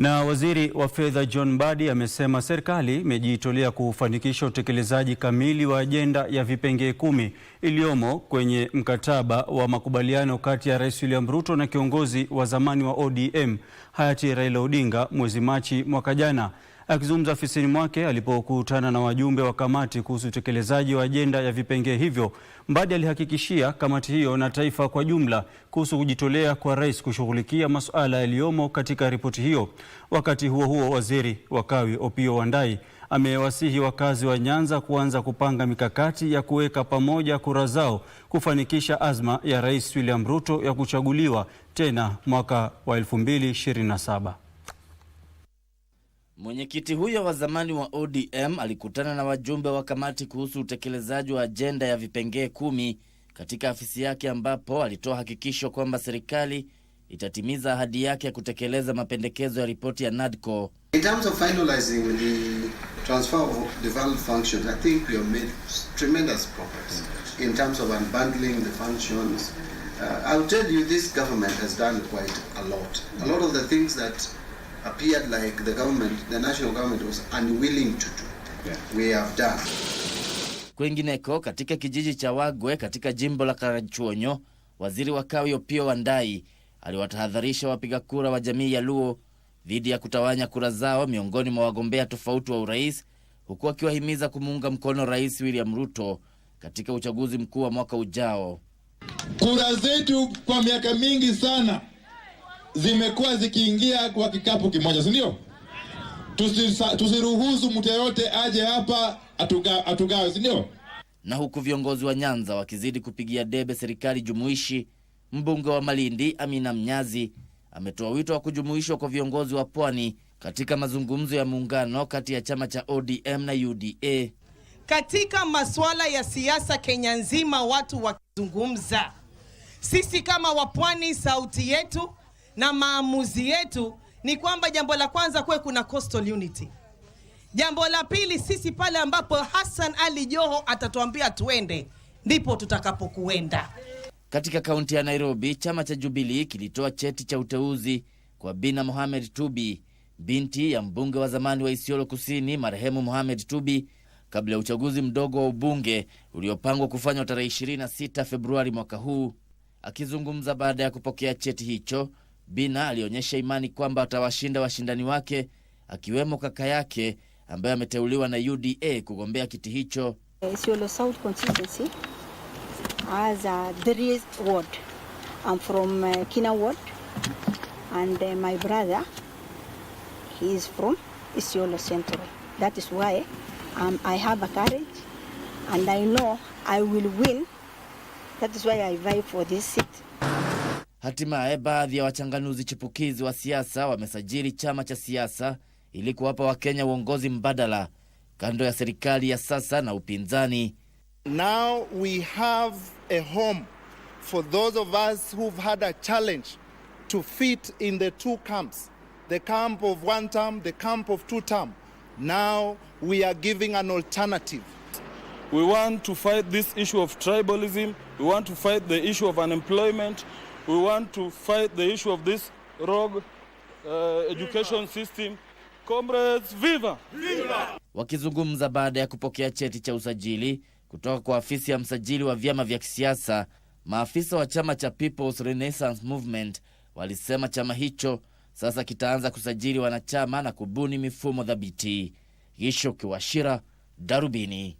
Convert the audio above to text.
Na waziri wa fedha John Mbadi amesema serikali imejitolea kuufanikisha utekelezaji kamili wa ajenda ya vipengee kumi iliyomo kwenye mkataba wa makubaliano kati ya Rais William Ruto na kiongozi wa zamani wa ODM hayati Raila Odinga mwezi Machi mwaka jana. Akizungumza ofisini mwake alipokutana na wajumbe wa kamati kuhusu utekelezaji wa ajenda ya vipengee hivyo, Mbadi alihakikishia kamati hiyo na taifa kwa jumla kuhusu kujitolea kwa rais kushughulikia masuala yaliyomo katika ripoti hiyo. Wakati huo huo, waziri wa kawi Opiyo Wandayi amewasihi wakazi wa Nyanza kuanza kupanga mikakati ya kuweka pamoja kura zao kufanikisha azma ya Rais William Ruto ya kuchaguliwa tena mwaka wa 2027. Mwenyekiti huyo wa zamani wa ODM alikutana na wajumbe wa kamati kuhusu utekelezaji wa ajenda ya vipengee kumi katika afisi yake ambapo alitoa hakikisho kwamba serikali itatimiza ahadi yake ya kutekeleza mapendekezo ya ripoti ya NADCO. In terms of finalizing the transfer of I think we have made tremendous progress in terms of unbundling the functions. Uh, I'll tell you this government has done quite a lot. A lot of the things that appeared like the government, the national government was unwilling to do. We have done. Kwingineko katika kijiji cha Wagwe katika jimbo la Karachuonyo, waziri wa kawi Opiyo Wandayi aliwatahadharisha wapiga kura wa jamii ya Luo dhidi ya kutawanya kura zao miongoni mwa wagombea tofauti wa urais, huku akiwahimiza kumuunga mkono Rais William Ruto katika uchaguzi mkuu wa mwaka ujao. Kura zetu kwa miaka mingi sana zimekuwa zikiingia kwa kikapu kimoja, si ndio? Tusiruhusu mtu yeyote aje hapa atugawe, atuga, si ndio? Na huku viongozi wa Nyanza wakizidi kupigia debe serikali jumuishi Mbunge wa Malindi Amina Mnyazi ametoa wito wa kujumuishwa kwa viongozi wa pwani katika mazungumzo ya muungano kati ya chama cha ODM na UDA. Katika masuala ya siasa Kenya nzima watu wakizungumza, sisi kama wapwani, sauti yetu na maamuzi yetu ni kwamba jambo la kwanza kuwe kuna coastal unity. Jambo la pili, sisi pale ambapo Hassan Ali Joho atatuambia tuende ndipo tutakapokuenda. Katika kaunti ya Nairobi, chama cha Jubilii kilitoa cheti cha uteuzi kwa Bina Mohamed Tubi, binti ya mbunge wa zamani wa Isiolo Kusini marehemu Mohamed Tubi, kabla ya uchaguzi mdogo wa ubunge uliopangwa kufanywa tarehe 26 Februari mwaka huu. Akizungumza baada ya kupokea cheti hicho, Bina alionyesha imani kwamba atawashinda washindani wake akiwemo kaka yake ambaye ameteuliwa na UDA kugombea kiti hicho. Isiolo South constituency as a three Ward. I'm from uh, Kina Ward and uh, my brother he is from Isiolo Central. That is why um, I have a courage and I know I will win. That is why I vie for this seat. Hatimaye baadhi ya wachanganuzi chipukizi wa siasa wamesajili chama cha siasa ili kuwapa Wakenya uongozi mbadala kando ya serikali ya sasa na upinzani. Now we have a home for those of us who've had a challenge to fit in the two camps, the camp of one term, the camp of two term. Now we are giving an alternative. We want to fight this issue of tribalism. We want to fight the issue of unemployment. We want to fight the issue of this rogue uh, education viva. system. Comrades, viva! Viva! Wakizungumza baada ya kupokea cheti cha usajili kutoka kwa afisi ya msajili wa vyama vya kisiasa. Maafisa wa chama cha People's Renaissance Movement walisema chama hicho sasa kitaanza kusajili wanachama na kubuni mifumo dhabiti. Gisho Kiwashira, Darubini.